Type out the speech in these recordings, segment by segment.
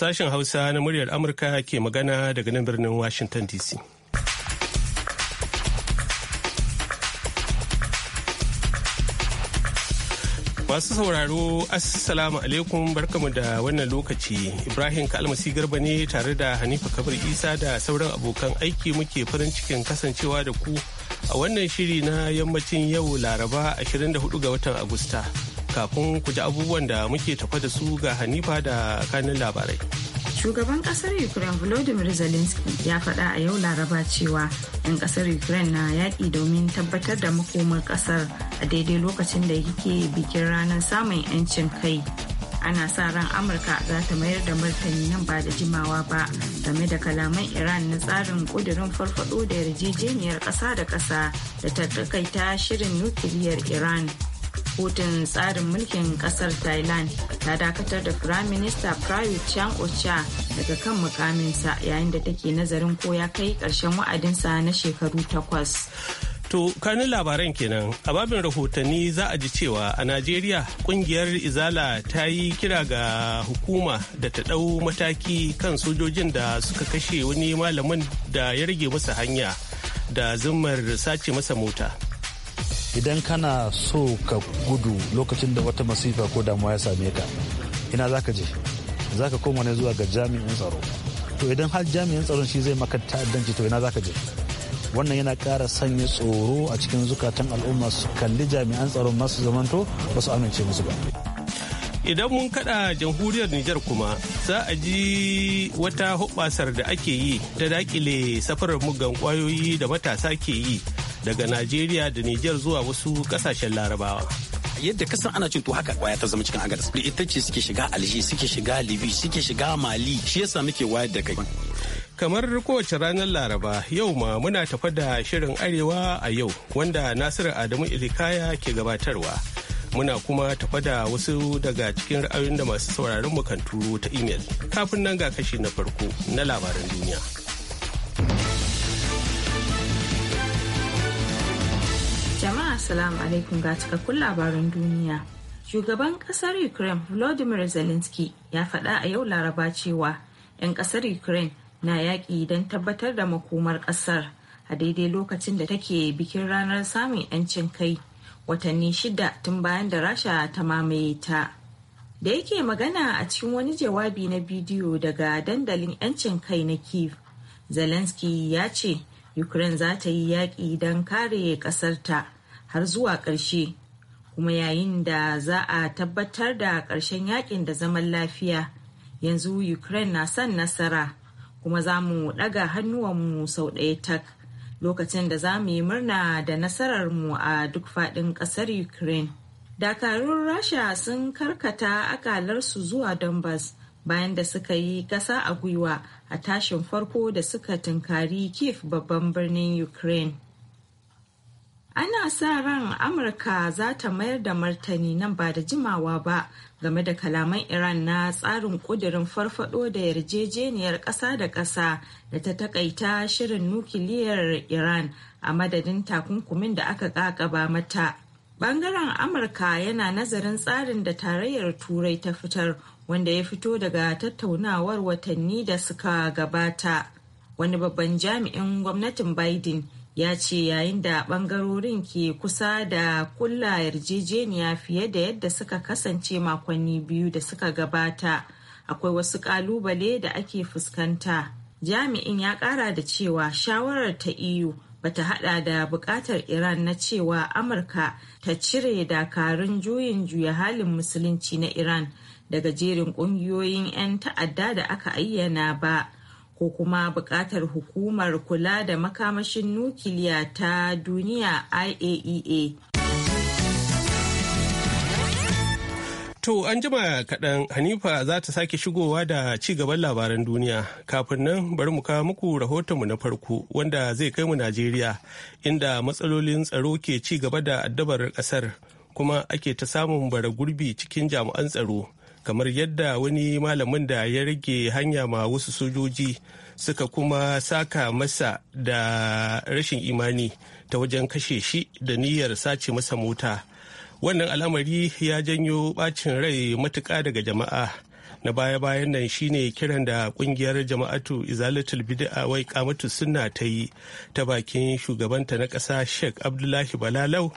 Sashen Hausa na muryar Amurka ke magana daga nan birnin Washington DC. Masu sauraro, Assalamu alaikum barkamu da wannan lokaci. Ibrahim Kalmasi Garba ne tare da Hanifa Kabir Isa da sauran abokan aiki muke farin cikin kasancewa da ku a wannan shiri na yammacin yau Laraba 24 ga watan Agusta. kafin ku ji abubuwan da muke tafa da su ga Hanifa da kanin labarai. Shugaban kasar Ukraine Volodymyr Zelensky ya faɗa a yau Laraba cewa 'yan kasar Ukraine na yaƙi domin tabbatar da makomar kasar a daidai lokacin da yake bikin ranar samun 'yancin kai. Ana sa ran Amurka za ta mayar da martani nan ba da jimawa ba game da kalaman Iran na tsarin ƙudurin farfaɗo da yarjejeniyar ƙasa da ƙasa da ta shirin nukiliyar Iran. kotun tsarin mulkin kasar thailand ta dakatar da prime minister prayut chan ocha daga kan mukaminsa yayin da take nazarin ko ya kai karshen wa'adinsa na shekaru takwas To kanin labaran kenan a babin rahotanni za a ji cewa a Najeriya kungiyar Izala ta yi kira ga hukuma da ta ɗau mataki kan sojojin da suka kashe wani malamin da ya rage masa hanya da zumar sace masa mota. idan kana so ka gudu lokacin da wata masifa ko damuwa ya same ka ina za ka je za ka koma ne zuwa ga jami'in tsaro to idan har jami'in tsaron shi zai maka ta'addanci to ina za ka je wannan yana kara sanya tsoro a cikin zukatan al'umma su kalli jami'an tsaron masu zamanto ba su amince musu ba idan mun kada jamhuriyar Nijar kuma za a ji wata hubbasar da ake yi ta dakile safarar mugan kwayoyi da matasa ke yi daga Najeriya da Nijar zuwa wasu kasashen Larabawa. yadda kasan ana cin to haka kwaya ta zama cikin agadas da ita ce suke shiga alji suke shiga libi suke shiga mali shi yasa muke wayar da kai kamar kowace ranar laraba yau ma muna tafa da shirin arewa a yau wanda nasiru adamu ilikaya ke gabatarwa muna kuma tafa da wasu daga cikin ra'ayoyin da masu sauraron mu kan turo ta imel kafin nan ga kashi na farko na labaran duniya. Assalamu alaikum ga cikakkun labaran duniya. Shugaban kasar Ukraine Volodymyr Zelensky ya faɗa a yau Laraba cewa 'yan kasar Ukraine na yaƙi don tabbatar da makomar kasar a daidai lokacin da take bikin ranar samun 'yancin kai watanni shida tun bayan da Rasha ta mamaye ta. Da yake magana a cikin wani jawabi na bidiyo daga dandalin 'yancin kai na Kiev, Zelensky ya ce Ukraine za ta yi yaƙi don kare ƙasarta. har zuwa ƙarshe kuma yayin da za a tabbatar da ƙarshen yakin da zaman lafiya yanzu ukraine na son nasara kuma za mu ɗaga hannuwanmu sau ɗaya tak lokacin da za mu yi murna da nasararmu a duk faɗin ƙasar ukraine dakarun rasha sun karkata akalarsu zuwa donbass bayan da suka yi ƙasa a gwiwa a tashin farko da suka tunkari kif babban birnin ukraine ana sa ran amurka za ta mayar da martani nan ba da jimawa ba game da kalaman iran na tsarin kudirin farfado da yarjejeniyar ƙasa da ƙasa da ta takaita shirin nukiliyar iran a madadin takunkumin da aka ƙaƙaba mata bangaren amurka yana nazarin tsarin da tarayyar turai ta fitar wanda ya fito daga tattaunawar watanni da suka gabata wani babban jami'in gwamnatin biden ya ce yayin da bangarorin ke kusa da kulla yarjejeniya fiye da yadda suka kasance makonni biyu da suka gabata akwai wasu kalubale da ake fuskanta jami'in ya kara da cewa shawarar ta eu bata hada da bukatar iran na cewa amurka ta cire dakarun juyin juya halin musulunci na iran daga jerin kungiyoyin 'yan ta'adda da aka ayyana ba ko kuma buƙatar hukumar kula da makamashin nukiliya ta duniya IAEA. E to an jima kaɗan Hanifa za ta sake shigowa da ci gaban labaran duniya kafin nan bari mu kawo muku rahotonmu na farko wanda zai kai mu Najeriya inda matsalolin tsaro ke ci gaba da addabar ƙasar kuma ake ta samun bara gurbi cikin jami'an tsaro. kamar yadda wani malamin da ya rage hanya ma wasu sojoji suka kuma saka masa da rashin imani ta wajen kashe shi da niyyar sace masa mota wannan al'amari ya janyo bacin rai matuka daga jama'a na baya-bayan nan shine kiran da kungiyar jama'atu izalatul bid'a wai kamatu sunna ta yi ta bakin shugabanta na ƙasa sheikh abdullahi balalau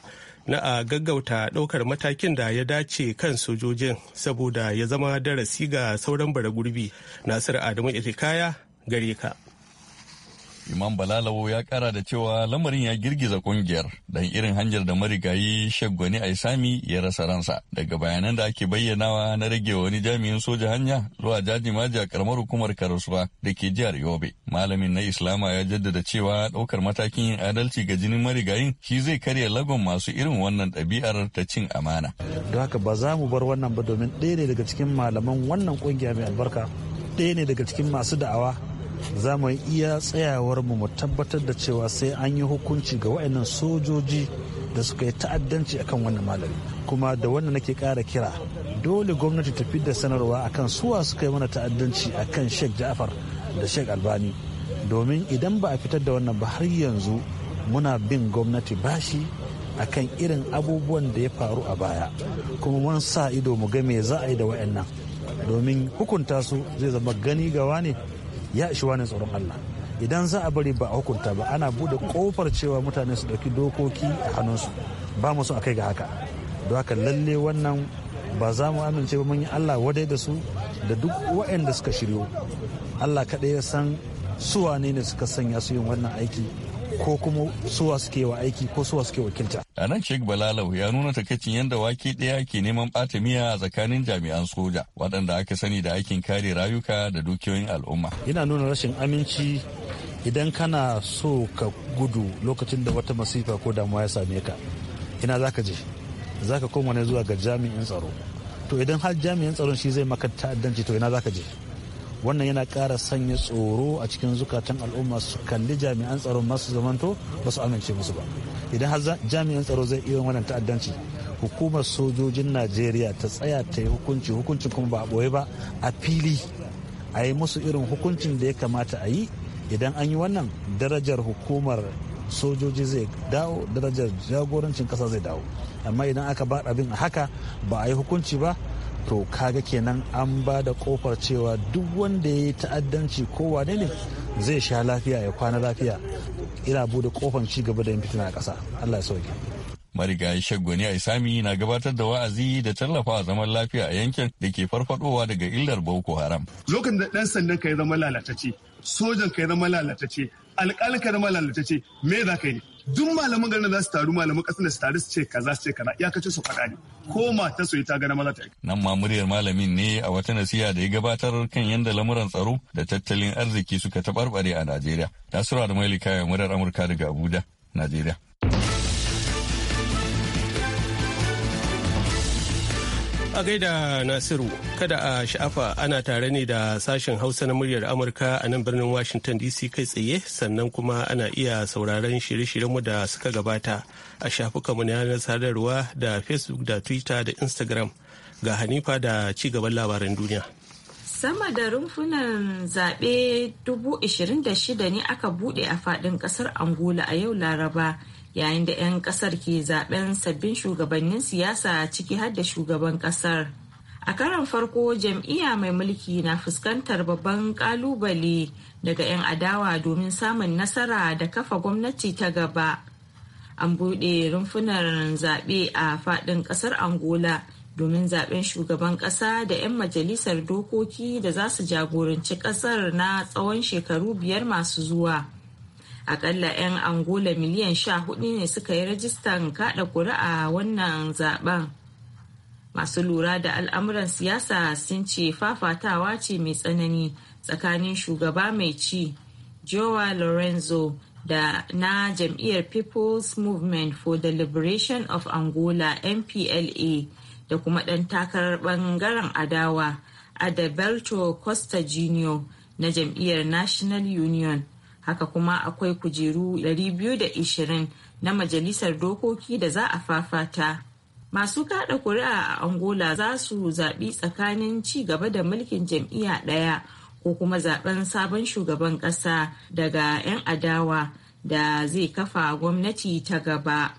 na a gaggauta ɗaukar matakin da ya dace kan sojojin saboda ya zama darasi ga sauran bara gurbi nasiru adamu itikaya gare ka Imam Balalawo ya kara da cewa lamarin ya girgiza kungiyar dan irin hanjar da marigayi Shaggwani Aisami ya rasa ransa daga bayanan da ake bayyanawa na rage wani jami'in soja hanya zuwa maji a karamar hukumar Karasuwa da ke jihar Yobe. Malamin na Islama ya jaddada cewa ɗaukar matakin yin adalci ga jinin marigayin shi zai karya lagon masu irin wannan ɗabi'ar ta cin amana. Don haka ba za mu bar wannan ba domin ɗaya ne daga cikin malaman wannan kungiya mai albarka ɗaya ne daga cikin masu da'awa za mu iya tsayawar mu mu tabbatar da cewa sai an yi hukunci ga waɗannan sojoji da suka yi ta'addanci akan wannan malami kuma da wannan nake ƙara kira dole gwamnati ta da sanarwa akan suwa suka yi mana ta'addanci akan sheikh ja'far da sheikh albani domin idan ba a fitar da wannan ba har yanzu muna bin gwamnati bashi akan irin abubuwan da ya faru a baya kuma mun sa ido mu ga me za a yi da wayannan domin hukunta su zai zama gani gawa ne ya ishi wani tsoron Allah idan za a bari ba a hukunta ba ana bude kofar cewa mutane su dauki dokoki a hannunsu ba mu so a kai ga haka don haka lalle wannan ba za mu amince ba mun yi Allah wadai da su da duk waɗanda suka shiryo Allah kaɗai ya san su wane ne suka sanya su yin wannan aiki ko kuma suwa suke wa aiki ko suwa suke wakilta. A nan Sheikh Balalau ya nuna takaicin yadda wake ɗaya ke neman ɓata miya a tsakanin jami'an soja waɗanda aka sani da aikin kare rayuka da dukiyoyin al'umma. Yana nuna rashin aminci idan kana so ka gudu lokacin da wata masifa ko damuwa ya same ka ina za je za koma ne zuwa ga jami'in tsaro to idan har jami'in tsaron shi zai maka ta'addanci to ina zaka je wannan yana ƙara sanya tsoro a cikin zukatan al'umma su kalli jami'an tsaron masu zamanto ba su amince musu ba idan har jami'an tsaro zai iya wannan ta'addanci hukumar sojojin najeriya ta tsaya ta yi hukunci hukuncin kuma ba a ɓoye ba a fili a yi musu irin hukuncin da ya kamata a yi idan an yi wannan darajar hukumar sojoji zai dawo darajar jagorancin kasa zai dawo amma idan aka ba abin a haka ba a yi hukunci ba to kaga kenan an ba da kofar cewa duk wanda ya yi ta'addanci ko wane ne zai sha lafiya ya kwana lafiya ina bude kofar ci gaba da yin fitina a ƙasa allah ya sauke marigayi shaggoni isami na gabatar da wa'azi da tallafa zaman lafiya a yankin da ke farfadowa daga illar boko haram lokacin da dan sandan ka ya zama lalatacce sojan ka ya zama lalatacce alƙalin ka ya zama lalatacce me za ka yi duk malaman garin za su taru malaman kasar da su taru su ce kaza su ce kaza iyakacin su faɗa ne ko mata su ta gana maza ta nan ma muryar malamin ne a wata nasiha da ya gabatar kan yadda lamuran tsaro da tattalin arziki suka taɓarɓare a najeriya nasiru da mailika ya murar amurka daga abuja najeriya. A gaida Nasiru, kada a sha'afa ana tare ne da sashen Hausa na muryar Amurka a nan birnin Washington DC kai tsaye sannan kuma ana iya sauraron shirye-shiryenmu da suka gabata a shafukanmu na yanar sadarwa da Facebook da Twitter da Instagram ga Hanifa da ci gaban labaran duniya. Sama da rumfunan zaɓe 26 ne aka buɗe a faɗin ƙasar Angola a yau Laraba. yayin da 'yan kasar ke zaben sabbin shugabannin siyasa ciki har da shugaban kasar a karan farko jam'iyya mai mulki na fuskantar babban kalubale daga 'yan adawa domin samun nasara da kafa gwamnati ta gaba an buɗe rumfunan zaɓe a faɗin ƙasar angola domin zaɓen shugaban ƙasa da 'yan majalisar dokoki da za su jagoranci ƙasar na tsawon shekaru biyar masu zuwa akalla 'yan angola miliyan sha hudu ne suka yi rajistan kada kuri'a wannan zaben masu lura da al'amuran siyasa sun ce fafatawa ce mai tsanani tsakanin shugaba mai ci joa lorenzo da na jam'iyyar people's movement for the liberation of angola mpla da kuma ɗan takarar ɓangaren adawa adalberto costa jr na jam'iyyar national union haka kuma akwai kujeru 220 na majalisar dokoki da za a fafata masu kada kuri'a a angola za su zaɓi tsakanin ci gaba da mulkin jam'iyya ɗaya ko kuma zaben sabon shugaban ƙasa daga 'yan adawa da zai kafa gwamnati ta gaba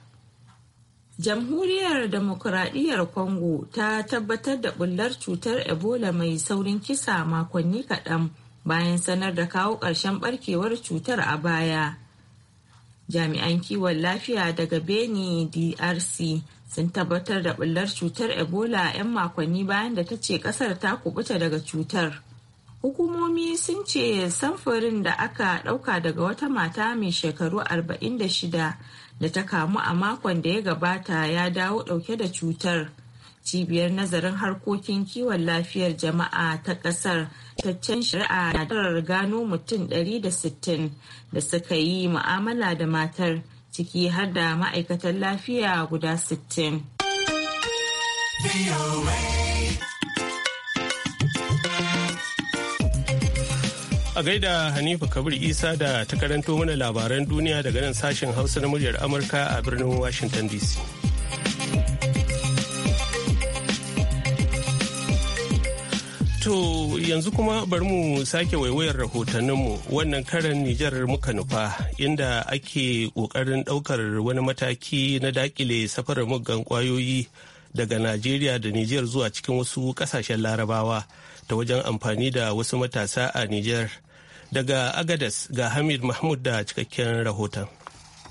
jamhuriyar demokuraɗiyyar congo ta tabbatar da bullar cutar ebola mai saurin kisa makonni kaɗan bayan sanar da kawo ƙarshen barkewar cutar a baya jami'an kiwon lafiya daga beni drc sun tabbatar da bullar cutar ebola 'yan makonni bayan da ta ce kasar ta kubuta daga cutar hukumomi sun ce samfurin da aka ɗauka daga wata mata mai shekaru 46 da ta kamu a makon da ya gabata ya dawo ɗauke da cutar cibiyar nazarin harkokin kiwon lafiyar jama'a ta ƙasar fitaccen shari'a na darar gano mutum 160 da suka yi mu'amala da matar ciki har da ma'aikatan lafiya guda 60. A gaida Hanifa Kabir Isa da ta karanto mana labaran duniya daga nan sashen Hausa na muryar Amurka a birnin Washington DC. To yanzu kuma bari mu sake waiwayar rahotanninmu wannan karan Nijar muka nufa inda ake ƙoƙarin ɗaukar wani mataki na dakile safarar muggan ƙwayoyi daga Najeriya da Nijar zuwa cikin wasu ƙasashen larabawa ta wajen amfani da wasu matasa a Nijar. Daga Agadas ga Hamid Mahmud da cikakken rahoton.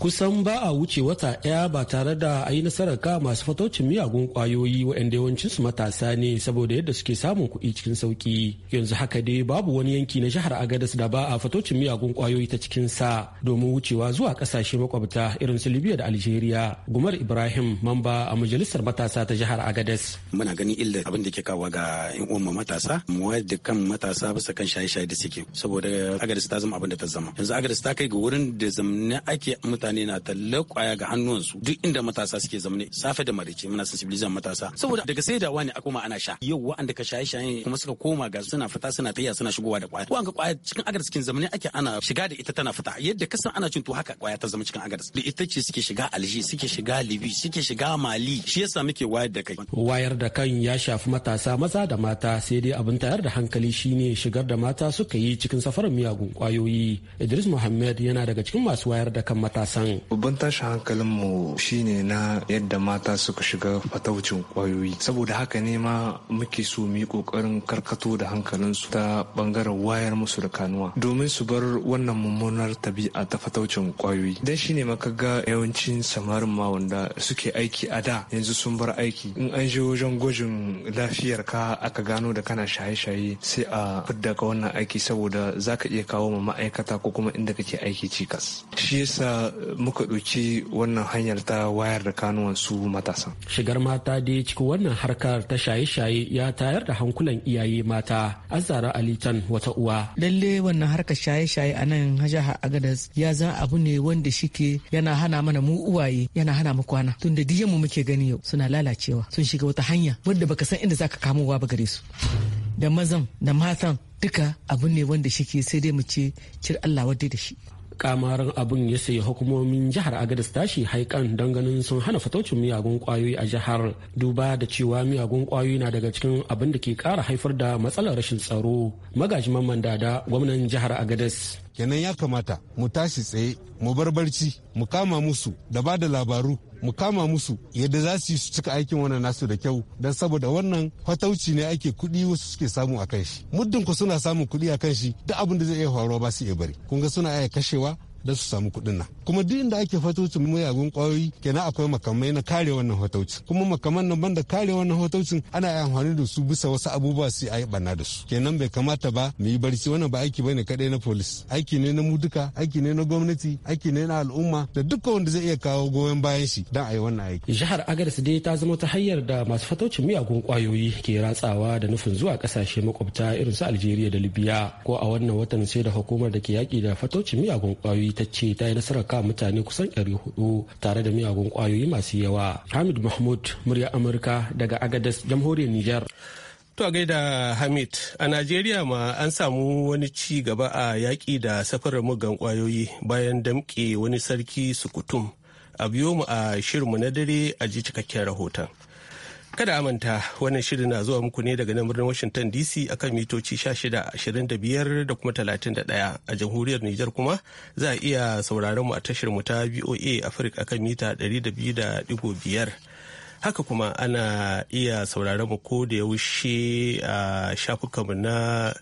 kusan ba a wuce wata ɗaya ba tare da a yi nasarar ka masu fataucin miyagun kwayoyi waɗanda yawancinsu matasa ne saboda yadda suke samun kuɗi cikin sauki yanzu haka dai babu wani yanki na jihar agadas da ba a fataucin miyagun kwayoyi ta cikin sa domin wucewa zuwa ƙasashe makwabta irin su libya da algeria gumar ibrahim mamba a majalisar matasa ta jihar agadas muna ganin illa abin da ke kawo ga yan uwan matasa mu da kan matasa bisa kan shaye-shaye da suke saboda agadas ta zama abin da ta zama yanzu agadas ta kai ga wurin da zamne ake mutane mutane na talla kwaya ga hannuwansu duk inda matasa suke zamane safe da marice muna sensibilizan matasa saboda daga saidawa ne akoma ana sha yau wa'anda ka shaye shaye kuma suka koma ga suna fita suna tayya suna shigowa da kwaya wa'anda kwaya cikin agar cikin zamani ake ana shiga da ita tana fita yadda kasan ana cin to haka kwaya ta zama cikin agar da ita ce suke shiga alji suke shiga libi suke shiga mali shi yasa muke wayar da kai wayar da kan ya shafi matasa maza da mata sai dai abin tayar da hankali shine shigar da mata suka yi cikin safarar miyagun kwayoyi idris muhammad yana daga cikin masu wayar da kan matasa babban tashin hankalin mu shine na yadda mata suka shiga fataucin kwayoyi saboda haka ne ma muke so mu yi kokarin karkato da hankalinsu ta bangaren wayar musu da kanuwa domin su bar wannan mummunar tabi'a ta fataucin kwayoyi dan shine maka ga yawancin samarin ma wanda suke aiki a da yanzu sun bar aiki in an je wajen gwajin lafiyar ka aka gano da kana shaye-shaye sai a fidda ka wannan aiki saboda zaka iya kawo ma ma'aikata ko kuma inda kake aiki cikas shi yasa muka ɗauki wannan hanyar ta wayar da kanuwan su matasa. Shigar mata dai cikin wannan harkar ta shaye-shaye ya tayar da hankulan iyaye mata. Azara Alitan wata uwa. Lalle wannan harkar shaye-shaye a nan jihar Agadas ya za abu ne wanda shike yana hana mana mu uwaye yana hana mu kwana tun da mu muke gani yau suna lalacewa sun shiga wata hanya wadda baka san inda zaka uwa ba gare su. Da mazan da matan duka abu ne wanda shike sai dai mu ce cir Allah wadda da shi kamarin abin ya sayi hukumomin jihar agadis tashi haikan don ganin sun hana fatocin miyagun kwayoyi a jihar duba da cewa miyagun kwayoyi na daga cikin abin da ke kara haifar da matsalar rashin tsaro magajiman mandada gwamnan jihar agadis kenan ya kamata mu tashi tsaye mu bar barci mu kama musu da ba da labaru mu kama musu yadda za su yi su cika aikin wannan nasu da kyau don saboda wannan fatauci ne ake kuɗi wasu suke samu a kan shi muddin ku suna samun kuɗi a kan shi duk abin da zai iya faruwa ba su iya bari kun ga suna iya kashewa da su samu kuɗin nan kuma duk inda ake fatocin muyagun kwayoyi kenan akwai makamai na kare wannan fatocin kuma makaman nan banda kare wannan fatocin ana yi amfani da su bisa wasu abubuwa sai a yi da su kenan bai kamata ba mu yi barci wannan ba aiki bane kadai na polis aiki ne na mu duka aiki ne na gwamnati aiki ne na al'umma da duka wanda zai iya kawo goyon bayan shi dan a yi wannan aiki jihar agadas dai ta zama ta hanyar da masu fatocin miyagun kwayoyi ke ratsawa da nufin zuwa kasashe makwabta irin su algeria da libya ko a wannan watan sai da hukumar da ke yaki da fatocin miyagun kwayoyi ita ta ce ta yi nasarar kawo mutane kusan 400 tare da miyagun kwayoyi masu yawa hamid mahmud murya amurka daga agadas jamhuriyar niger To gaida Hamid, a Najeriya ma an samu wani ci gaba a yaƙi da safarar mugan kwayoyi bayan damƙe wani sarki sukutum. A biyo mu a shirin mu na dare a ji cikakken rahoton. Kada amanta wannan shirin na zuwa muku ne daga nan birnin Washington DC akan mitoci 1625 da kuma 31 a jamhuriyar Nijar kuma za a iya sauraron mu a tashar mu ta VOA Africa akan mita 200.5. Haka kuma ana iya sauraron mu ko da yaushe a shafukanmu na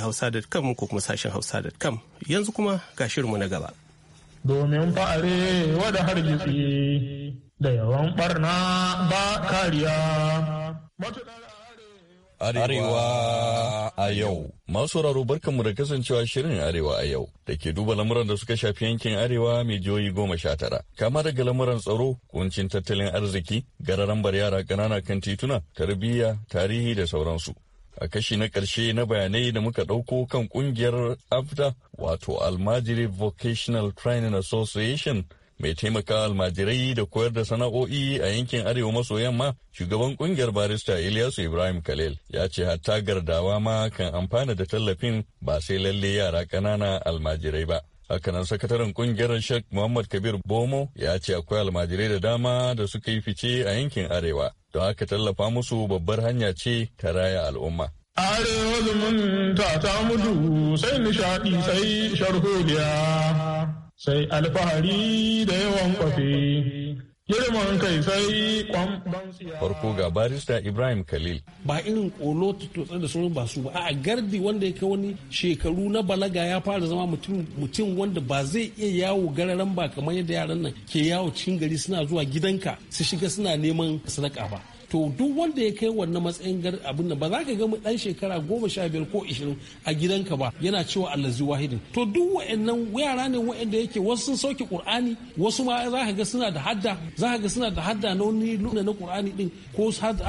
hausa.com ko kuma sashen hausa.com yanzu kuma ga shirinmu na gaba. Domin fa'are wada hargitsi da yawan barna ba kariya. Arewa a yau. Masu raro barkanmu da kasancewa shirin Arewa a yau da ke duba lamuran da suka shafi yankin Arewa mai jihohi goma sha tara. Kama daga lamuran tsaro, kuncin tattalin arziki, gararan bar yara ƙanana kan tituna, tarbiyya, tarihi da sauransu. A kashi na ƙarshe na bayanai da muka ɗauko kan ƙungiyar AFTA wato Almajiri Vocational Training Association mai taimaka almajirai da koyar da sana'o'i a yankin arewa maso yamma shugaban kungiyar barista ilyasu ibrahim khalil ya ce hatta gardawa ma kan amfana da tallafin ba sai lalle yara ƙanana almajirai ba hakanan sakataren kungiyar sheikh muhammad kabir bomo ya ce akwai almajirai da dama da suka yi fice a yankin arewa don haka tallafa musu babbar hanya ce ta raya al'umma arewa zumunta ta mutu sai nishaɗi sai sharholiya sai alfahari da yawan kwafi. Girman kai sai kwan Farko ga barista Ibrahim Khalil. Ba irin kolo tutsa da sauran ba ba, a gardi wanda ya kai wani shekaru na balaga ya fara zama mutum wanda ba zai iya yawo gararan ba kamar yadda yaran nan ke yawo cikin gari suna zuwa gidanka su shiga suna neman sadaka ba. to duk wanda ya kai wannan matsayin abin ba za ka ga mu dan shekara goma sha biyar ko ishirin a gidanka ba yana cewa allazi wahidin to duk wa'annan yara ne wa'anda yake wasu sun sauke qur'ani wasu ma za ka ga suna da hadda za ka ga suna da hadda na wani luna na qur'ani din ko hadda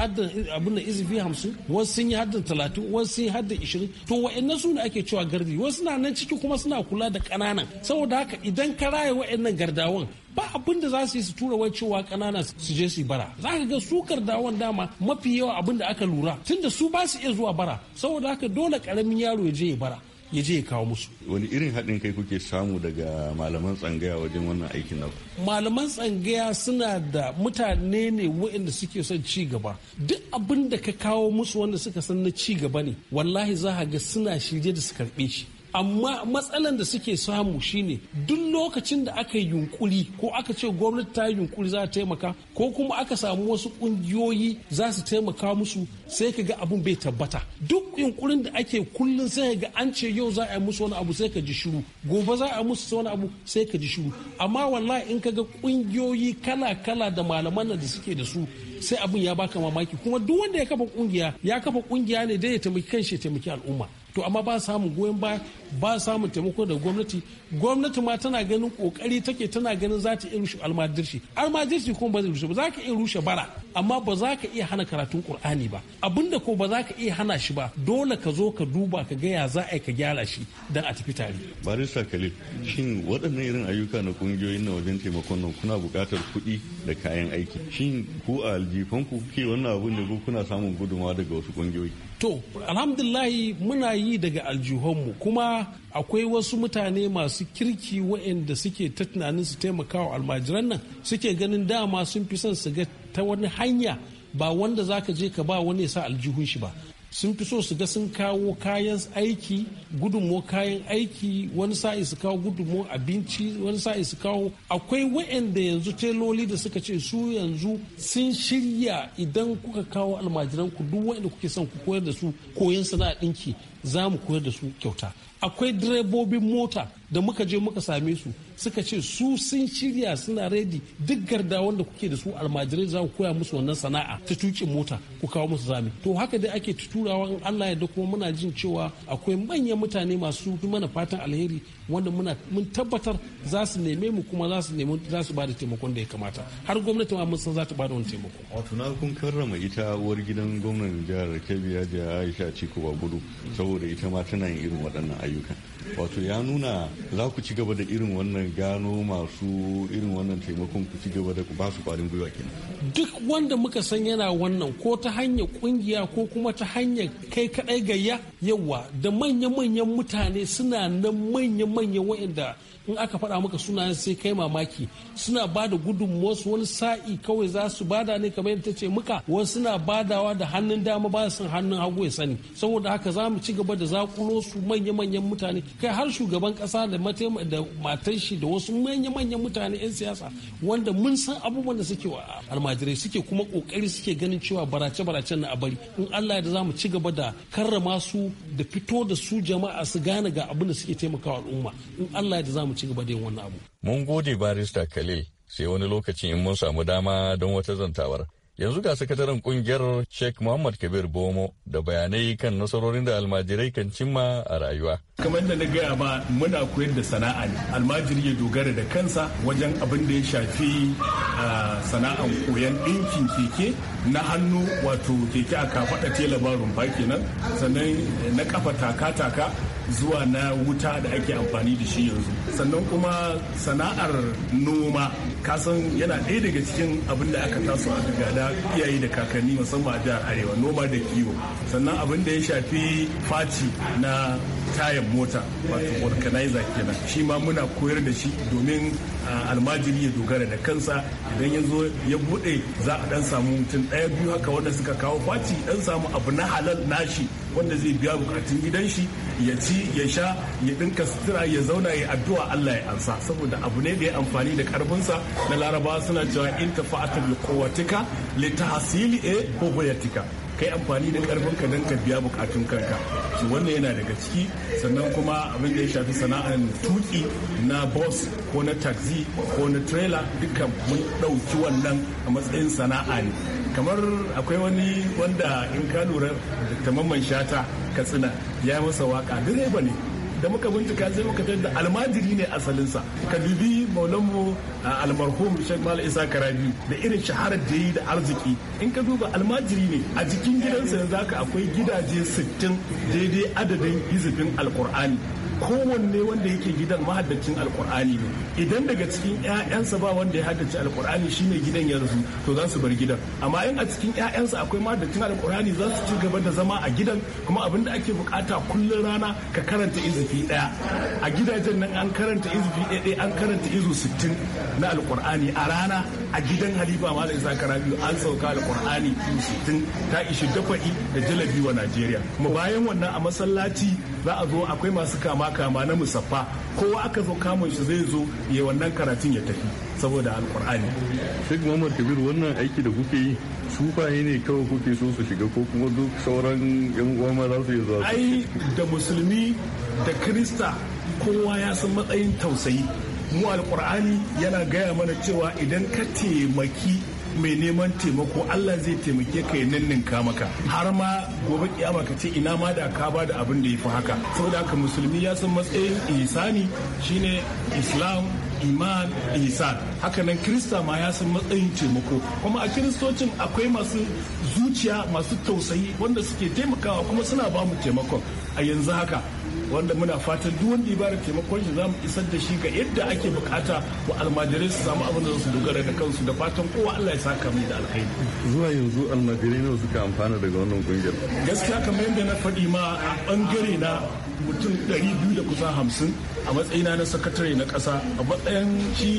abin nan izifi hamsin wasu sun yi hadda talatin wasu sun yi hadda ishirin to wa'annan su ne ake cewa gardi wasu na nan ciki kuma suna kula da ƙananan saboda haka idan ka raya wa'annan gardawan ba abin da za su yi su tura wai cewa kanana su je su bara za ka ga sukar dawon dama mafi yawa abin da aka lura tunda su ba su iya zuwa bara saboda haka dole karamin yaro ya je ya bara ya je ya kawo musu. Wani irin haɗin kai kuke samu daga malaman tsangaya wajen wannan aikin naku? Malaman tsangaya suna da mutane ne waɗanda suke son ci gaba. Duk abin da ka kawo musu wanda suka san na ci gaba ne, wallahi za ga suna shirye da su karɓe shi. amma matsalan da suke samu shine duk lokacin da aka yi yunkuri ko aka ce gwamnati ta yi yunkuri za ta taimaka ko kuma aka samu wasu kungiyoyi za su taimaka musu sai ka ga abun bai tabbata duk yunkurin da ake kullum sai ga an ce yau za a yi musu wani abu sai ka ji shiru gobe za a yi musu wani abu sai ka ji shiru amma wallahi in ka ga kungiyoyi kala kala da malaman da suke da su sai abun ya baka mamaki kuma duk wanda ya kafa kungiya ya kafa kungiya ne dai ya taimaki kanshi ya taimaki al'umma to amma ba samun goyon ba ba samun taimako da gwamnati gwamnati ma tana ganin kokari take tana ganin za ta iya rushe almajirshi almajirshi kuma ba zai rushe ba za ka iya rushe bara amma ba za ka iya hana karatun ƙur'ani ba abinda ko ba za ka iya hana shi ba dole ka zo ka duba ka gaya za a ka gyara shi dan a tafi tare barista Khalil shin waɗannan irin ayyuka na kungiyoyin na wajen taimakon nan kuna buƙatar kuɗi da kayan aiki shin ku a aljifanku ke wannan abun ne ko kuna samun gudunmawa daga wasu kungiyoyi to alhamdulillahi muna yi daga aljihunmu kuma akwai wasu mutane masu kirki waɗanda suke ta tunanin su taimaka wa almajiran nan suke ganin dama sun fi son su ga ta wani hanya ba wanda za ka je ka ba wani ya sa aljihun shi ba sun fi so su ga sun kawo kayan aiki gudunmo kayan aiki wani sa'i su kawo gudunmo abinci wani sa'i su kawo akwai wa'anda yanzu teloli da suka ce su yanzu sun shirya idan kuka kawo almajiran ku duk wa'anda kuke son ku koyar da su koyon sana'a dinki za mu koyar da su kyauta akwai direbobin mota da muka je muka same su suka ce su sun shirya suna redi duk garda wanda kuke da su almajirai za ku koya musu wannan sana'a ta tukin mota ku kawo musu zami to haka dai ake tuturawa in Allah ya da kuma muna jin cewa akwai manyan mutane masu mana fatan alheri wanda muna mun tabbatar za su neme mu kuma za su neme za su bada taimakon da ya kamata har gwamnati ma mun san za ta bada wani taimako wato na kun karrama ita uwar gidan gwamnan jihar Kebbi ya Aisha Ciko gudu saboda ita ma tana yin irin waɗannan ayyuka wato ya nuna za ku ci gaba da irin wannan gano masu irin wannan taimakon ku ci gaba da ba su kwarin gwiwa kenan duk wanda muka san yana wannan ko ta hanyar kungiya ko kuma ta hanyar kai kadai gayya yawa da manya-manyan mutane suna nan manya-manyan waɗanda in aka faɗa maka sunayen sai kai mamaki suna ba da gudunmuwarsu wani sa'i kawai za su bada ne kamar yadda ta ce muka wani suna badawa da hannun dama ba su hannun hagu ya sani saboda haka za mu ci gaba da zakulo su manya-manyan mutane kai har shugaban ƙasa da matan shi da wasu manya-manyan mutane 'yan siyasa wanda mun san abubuwan da suke wa almajirai suke kuma kokari suke ganin cewa barace-baracen na a bari in Allah ya za mu ci gaba da karrama su da fito da su jama'a su gane ga abin da suke taimakawa al'umma in Allah ya za mu ci gaba da yin wannan abu. Mun gode barista kale sai wani lokaci in mun samu dama don wata zantawar. Yanzu ga sakataren kungiyar Sheikh Muhammad Kabir Bomo da bayanai kan nasarorin da almajirai kan cimma a rayuwa. Kamar da na gaya ba muna koyar da sana'a ne. Almajiri ya dogara da kansa wajen abin da ya shafi sana'an koyan ɗinkin keke na hannu wato keke a kafaɗa tela ba kenan sannan na kafa taka-taka zuwa na wuta da ake amfani da shi yanzu sannan kuma sana'ar noma kasan yana ɗaya daga cikin abin da aka taso daga gada iyaye da kakanni musamman a jihar arewa noma da kiwo sannan abin da ya shafi faci na tayan mota wato organizer kenan shi ma muna koyar da shi domin almajiri ya dogara da kansa idan ya zo ya bude za a dan samu mutum daya biyu haka wanda suka kawo fati dan samu abu na halal nashi wanda zai biya bukatun gidan shi ya ci ya sha ya dinka sutura ya zauna ya addu'a Allah ya ansa saboda abu ne da ya amfani da karfin sa na larabawa suna cewa in tafa'atul quwwatika litahsili e eh, ko kai amfani da karfin ka don ka biya bukatun kanka su wannan yana daga ciki sannan kuma abin da ya shafi sana'ar tuki na bus ko na taxi ko na trailer dukkan mun ɗauki wannan a matsayin sana'a ne kamar akwai wani wanda in ka lura da mamman shata katsina ya masa waka direba ne da muka bincika sai muka da almajiri ne asalinsa ka bibi maulanmu almarhum sheikh mal isa karabi da irin shaharar da yi da arziki in ka duba almajiri ne a jikin gidansa yanzu haka akwai gidaje 60 daidai adadin hizifin alkur'ani kowanne wanda yake gidan mahaddacin alkur'ani ne idan daga cikin 'ya'yansa ba wanda ya haddace alkur'ani shine gidan yanzu to za su bar gidan amma in a cikin 'ya'yansa akwai mahaddacin alkur'ani za su ci gaba da zama a gidan kuma abin da ake bukata kullum rana ka karanta izufi daya a gidajen nan an karanta izufi ɗaya an karanta izu sittin na alkur'ani a rana a gidan halifa malam isa karabiyu an sauka alkur'ani izu sittin ta ishi dafa'i da jalabi wa najeriya kuma bayan wannan a masallaci za a zo akwai masu kama musaffa kama na musaffa kowa aka zo kamun shi zai zo ya wannan karatun ya tafi saboda alkur'ani Sheikh Muhammad kabiru wannan aiki da kuke yi sufaye ne kawai kuke so su shiga ko kuma duk sauran yan uwa ma za su yi zuwa ai da musulmi da krista kowa ya san matsayin tausayi mu alkur'ani yana gaya mana cewa idan ka taimaki mai neman taimako Allah zai taimake ka ya nan maka har ma gobe kiyama ka ce ina ma da ka ba da abin da ya fi haka saboda haka musulmi ya san matsayin ihsani shine islam iman ihsan hakanan kirista ma ya san matsayin taimako kuma a kiristocin akwai masu zuciya masu tausayi wanda suke taimakawa kuma suna ba mu taimakon a yanzu haka wanda muna fatan duk wanda ba da taimakon shi zamu isar da shi ga yadda ake bukata wa almajirai su samu abin da su dogara da kansu da fatan kowa Allah ya saka mu da alkhairi zuwa yanzu almajirai nawa suka amfana daga wannan kungiyar gaskiya kamar yadda na faɗi ma a bangare na mutum biyu da kusan hamsin a matsayina na sakatare na ƙasa a matsayin shi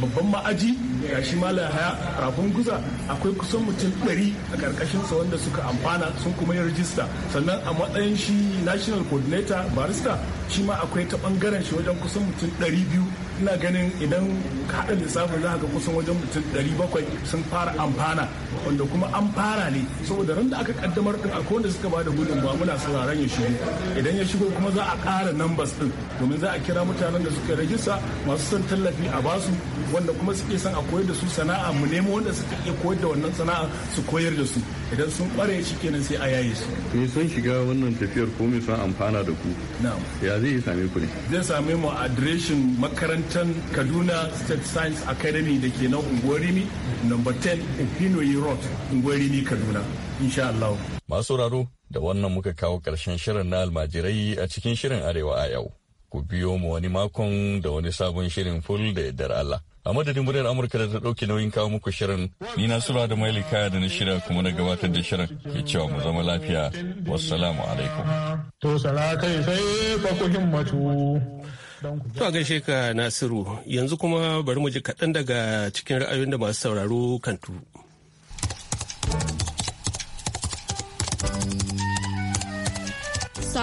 babban ma'aji ga shi mala haya rafin guza akwai kusan mutum ɗari a ƙarƙashin sa wanda suka amfana sun kuma yi rajista sannan a matsayin shi national coordinator barista shi ma akwai ta ɓangaren shi wajen kusan mutum ɗari biyu ina ganin idan haɗa lissafin za ga kusan wajen mutum 700 sun fara amfana wanda kuma an fara ne saboda ran da aka kaddamar din akwai wanda suka bada ba muna sauraron ya shigo idan ya shigo kuma za a ƙara numbers din domin za a kira mutanen da suka rajista masu son tallafi a basu wanda kuma suke son a koyar da su sana'a mu nemo wanda suka iya koyar da wannan sana'a su koyar da su idan sun kware shi kenan sai a yaye su me son shiga wannan tafiyar ko me son amfana da ku ya zai same ku ne zai same mu adireshin makarantar can kaduna state science academy da ke nan unguwar rimi number 10 opinoyi road unguwar rimi kaduna insha Allah. masu sauraro da wannan muka kawo karshen shirin na almajirai a cikin shirin arewa a yau ku biyo mu wani makon da wani sabon shirin full da yardar Allah a madadin muryar amurka da ta ɗauki nauyin kawo muku shirin ni na sura da maili kaya da na shirya kuma na gabatar da shirin ke cewa mu zama lafiya wassalamu alaikum to sala sai fa ku himmatu To gaishe ka Nasiru yanzu kuma bari mu ji kaɗan daga cikin ra'ayoyin da masu sauraro kan turu.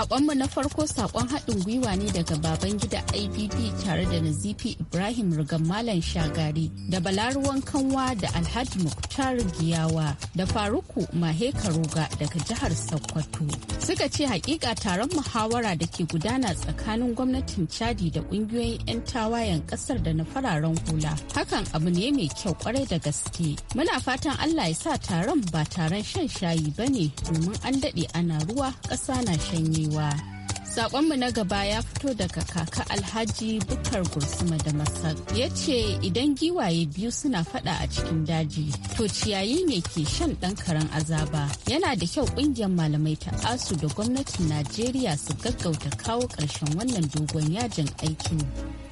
Sakonmu na farko sakon haɗin gwiwa ne daga baban gida IPP tare da Nazifi Ibrahim Rigan Malam Shagari da Balaruwan Kanwa da Alhaji Muktar Giyawa da Faruku Mahe daga jihar Sokoto. Suka ce hakika taron muhawara da ke gudana tsakanin gwamnatin Chadi da ƙungiyoyin 'yan tawayen ƙasar da na fararen hula. Hakan abu ne mai kyau kwarai da gaske. Muna fatan Allah ya sa taron ba taron shan shayi bane domin an daɗe ana ruwa ƙasa na shanyewa. rayuwa. Sakonmu na gaba ya fito daga kaka Alhaji Bukar Gursuma da masar. Ya ce idan giwaye biyu suna fada a cikin daji, to ciyayi ne ke shan ɗan karen azaba. Yana da kyau ƙungiyar malamai ta asu da gwamnatin Najeriya su gaggauta kawo ƙarshen wannan dogon yajin aikin.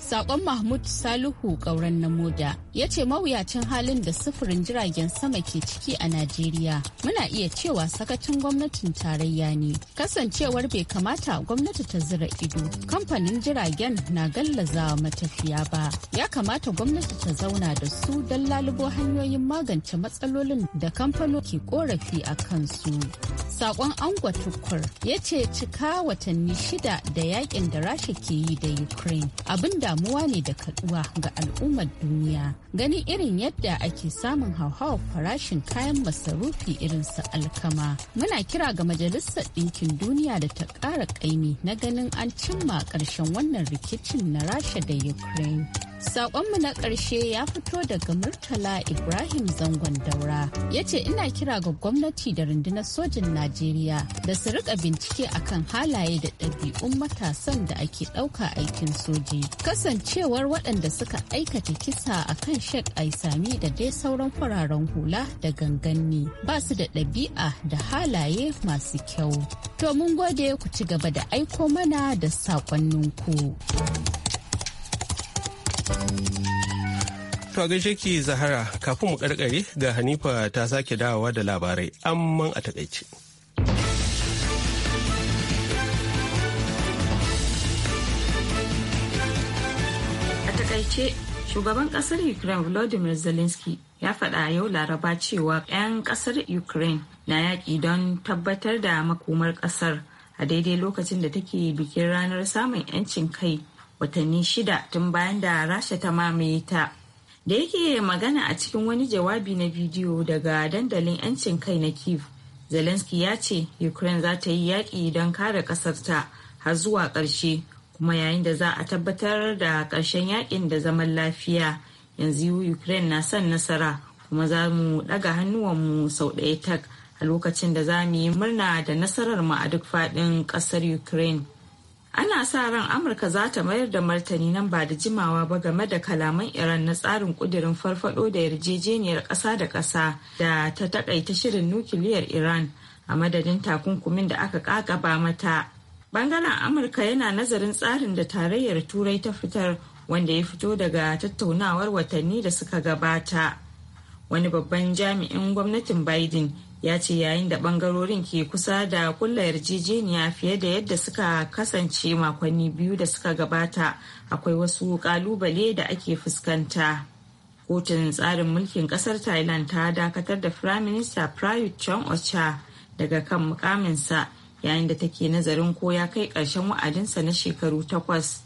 Sakon Mahmud Salihu ƙauren na moda ya ce mawuyacin halin da sufurin jiragen sama ke ciki a Najeriya muna iya cewa sakacin gwamnatin tarayya ne. Kasancewar bai kamata gwamnati ta zira ido kamfanin jiragen na gallaza matafiya ba. Ya kamata gwamnati ta zauna da su don lalubo hanyoyin magance matsalolin da kamfano ke korafi a kansu. Sakon Angwa Tukur ya ce cika watanni shida da yakin da Rasha ke yi da Ukraine abin da damuwa ne da kaduwa ga al'ummar duniya ganin irin yadda ake samun hauhawar farashin kayan masarufi irin su alkama muna kira ga majalisar ɗinkin duniya da ta ƙara ƙaimi na ganin an cimma ƙarshen wannan rikicin na rasha da ukraine Sakonmu na ƙarshe ya fito daga Murtala Ibrahim Zangon Daura ya ce ina kira ga gwamnati da rundunar sojin Najeriya da su rika bincike akan halaye da ɗabi'un matasan da ake ɗauka aikin soji. Kasancewar waɗanda suka aikata kisa a akan Sheikh Aisami da dai sauran fararen hula da ganganni ba su da ɗabi'a da halaye masu kyau. To mun gode ku ci gaba da aiko mana da saƙonninku. To gaishe ki Zahara kafin mu karkare ga Hanifa ta sake dawowa da labarai amma a takaice. A takaice shugaban kasar Ukraine Volodymyr Zelensky ya faɗa yau laraba cewa 'yan kasar Ukraine na yaƙi don tabbatar da makomar kasar a daidai lokacin da take bikin ranar samun 'yancin kai watanni shida tun bayan da rasha ta mamaye ta da yake magana a cikin wani jawabi na bidiyo daga dandalin 'yancin kai na kiev zelensky ya ce ukraine za ta yi yaƙi don kare ƙasarta har zuwa ƙarshe kuma yayin da za a tabbatar da ƙarshen yaƙin da zaman lafiya yanzu ukraine na son nasara kuma za mu ɗaga mu sau ɗaya tak a lokacin da za mu yi murna da nasarar mu a duk faɗin ƙasar ukraine ana sa ran amurka za ta mayar da martani nan ba da jimawa ba game da kalaman iran na tsarin kudirin farfado da yarjejeniyar kasa da kasa da ta takaita shirin nukiliyar iran a madadin takunkumin da aka kakaba mata bangaren amurka yana nazarin tsarin da tarayyar turai ta fitar wanda ya fito daga tattaunawar watanni da suka gabata wani babban jami'in gwamnatin biden ya ce yayin da bangarorin ke kusa da kulla yarjejeniya fiye da yadda suka kasance makonni biyu da suka gabata akwai wasu kalubale da ake fuskanta kotun tsarin mulkin kasar thailand ta dakatar da prime minister prayut chan ocha daga kan mukaminsa yayin da take nazarin ko ya kai ƙarshen wa'adinsa na shekaru takwas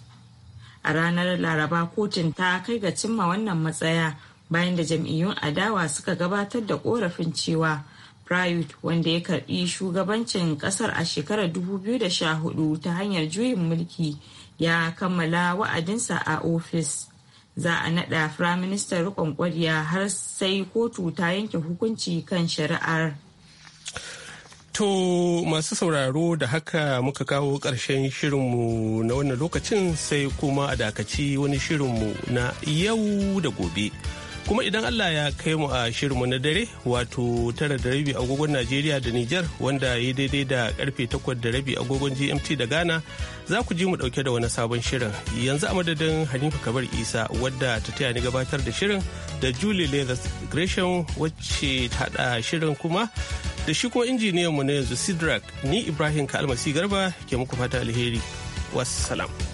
a ranar laraba kotun ta kai ga cimma wannan matsaya bayan da jam'iyyun adawa suka gabatar da korafin cewa Prayut wanda ya karbi shugabancin kasar a shekarar 2014 ta hanyar juyin mulki ya kammala wa'adinsa a ofis. Za a naɗa firaministan riƙon ƙwarya har sai kotu ta yanke hukunci kan shari'ar. To masu sauraro da haka muka kawo ƙarshen shirinmu na wannan lokacin sai kuma a dakaci wani shirinmu na yau da gobe. kuma idan Allah ya kai mu a shirinmu na dare wato tara da rabi agogon Najeriya da Nijar wanda ya yi daidai da karfe takwas da rabi agogon GMT da Ghana za ku ji mu dauke da wani sabon shirin yanzu a madadin Hanifa Kabar Isa wadda ta taya ni gabatar da shirin da Julie Leathers Gresham wacce ta hada shirin kuma da shi kuma injiniyan mu na yanzu Sidrak ni Ibrahim Kalmasi Garba ke muku fata alheri wassalam.